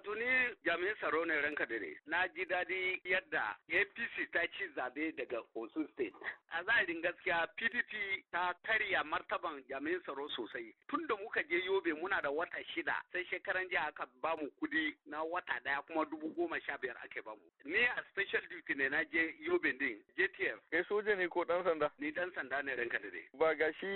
Wato ni jami'in tsaro ne ranka da ne. Na ji daɗi yadda APC ta ci zaɓe daga Osun State. A zahirin gaskiya PDP ta karya martaban jami'in tsaro sosai. Tun da muka je muna da wata shida sai shekaran jiya aka ba mu kudi na wata daya kuma dubu goma sha biyar ake bamu ni a special duty ne na je yobe din jtf kai soja ne ko dan sanda ni dan sanda ne ranka da dai ba gashi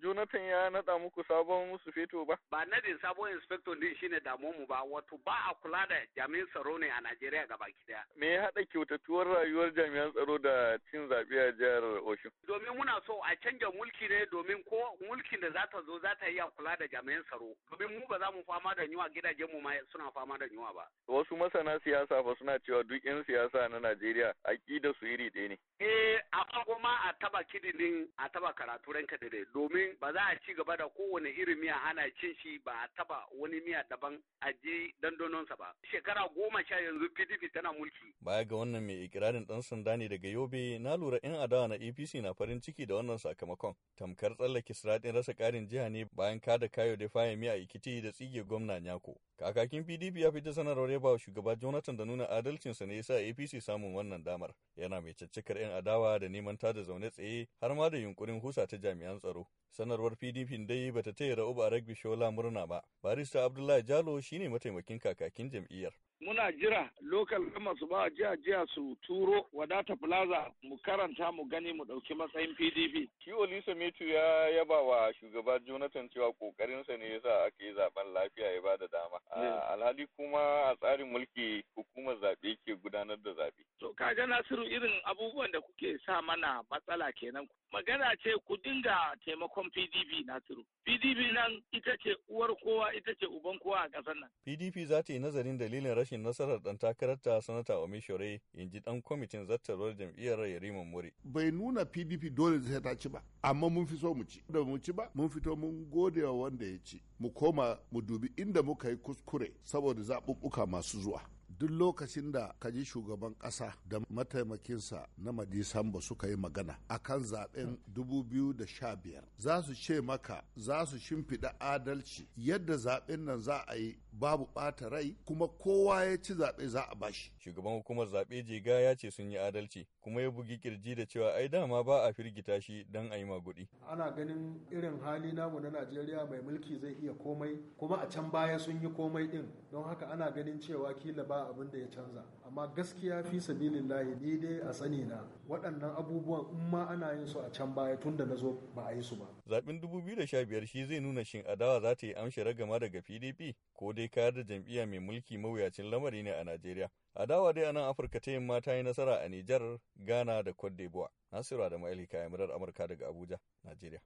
jonathan ya nada muku sabon musu feto ba ba nadin sabon inspector din shine damuwar mu ba wato ba a kula da jami'in tsaro ne a najeriya gaba daya me ya hada kyautatuwar rayuwar jami'an tsaro da cin zaɓe a jihar osun domin muna so a canja mulki ne domin ko mulkin da za ta zo za ta iya kula da jami'an tsaro tsaro domin mu ba za mu fama da yunwa gidajen mu ma suna fama da yunwa ba wasu masana siyasa fa suna cewa duk yan siyasa na Najeriya aƙida su iri ɗaya ne eh amma kuma a taba kidinin a taba karatu ranka da dai domin ba za a ci gaba da kowane irin miya hana cin shi ba a taba wani miya daban a ji dandononsa ba shekara goma sha yanzu PDP tana mulki baya ga wannan mai ikirarin dan sanda ne daga Yobe na lura yan adawa na APC na farin ciki da wannan sakamakon tamkar tsallake siratin rasa karin jiha ne bayan kada kayo da Fayami a Ikiti da tsige gwamna Nyako. Kakakin PDP ya fita sanarwar yaba wa shugaba Jonathan da nuna adalcinsa ne yasa APC samun wannan damar. Yana mai caccakar 'yan adawa da neman da zaune tsaye har ma da yunkurin husa ta jami'an tsaro. Sanarwar PDP dai bata taya Ra'uba Ragbi Shola murna ba. Barista Abdullahi Jalo shine mataimakin kakakin jam'iyyar. muna jira lokal gama su ba jiya jiya su turo wadata plaza mu karanta mu gani mu dauki matsayin pdp shi olisa metu ya yaba wa shugaba jonathan cewa kokarinsa ne yasa aka yi zaben lafiya ya bada dama alhali kuma a tsarin mulki hukumar zaɓe ke gudanar da zaɓe to kaga nasiru irin abubuwan da kuke sa mana matsala kenan magana ce ku dinga taimakon PDP Nasiru. PDP nan ita ce uwar kowa ita ce uban kowa a ƙasar nan. PDP za ta yi nazarin dalilin rashin rashin nasarar dan takararta sanata Omishore in ji dan kwamitin zattarwar jam'iyyar Yarima Muri. Bai nuna PDP dole sai ta ci ba, amma mun fi so mu ci. Da mu ci ba, mun fito mun gode wa wanda ya ci. Mu koma mu dubi inda muka yi kuskure saboda zaɓuɓɓuka masu zuwa. duk lokacin da ka ji shugaban ƙasa da mataimakinsa na madisamba suka yi magana a kan zaɓen 2015 za su ce maka za su shimfiɗa adalci yadda zaɓen nan za a yi babu ɓata rai kuma kowa ya ci zaɓe za a bashi. Shugaban hukumar zaɓe Jega ya ce sun yi adalci kuma ya bugi kirji da cewa ai dama ba a firgita shi don a yi maguɗi. Ana ganin irin hali namu na Najeriya mai mulki zai iya komai kuma a can baya sun yi komai ɗin don haka ana ganin cewa kila ba abin da ya canza. Amma gaskiya fi sabilillahi ni dai a sani na waɗannan abubuwan in ma ana yin su a can baya tun da na zo ba a yi su ba. Zaɓen 2015 shi zai nuna shin adawa za ta yi amshi ragama daga PDP ko dai dai kayar da jam'iyya mai mulki mawuyacin lamari ne a Najeriya. A dawa dai a nan Afirka ta yin mata yi nasara a Nijar, Ghana da Cote d'Ivoire. Nasiru Adamu Ali kayan murar Amurka daga Abuja, Najeriya.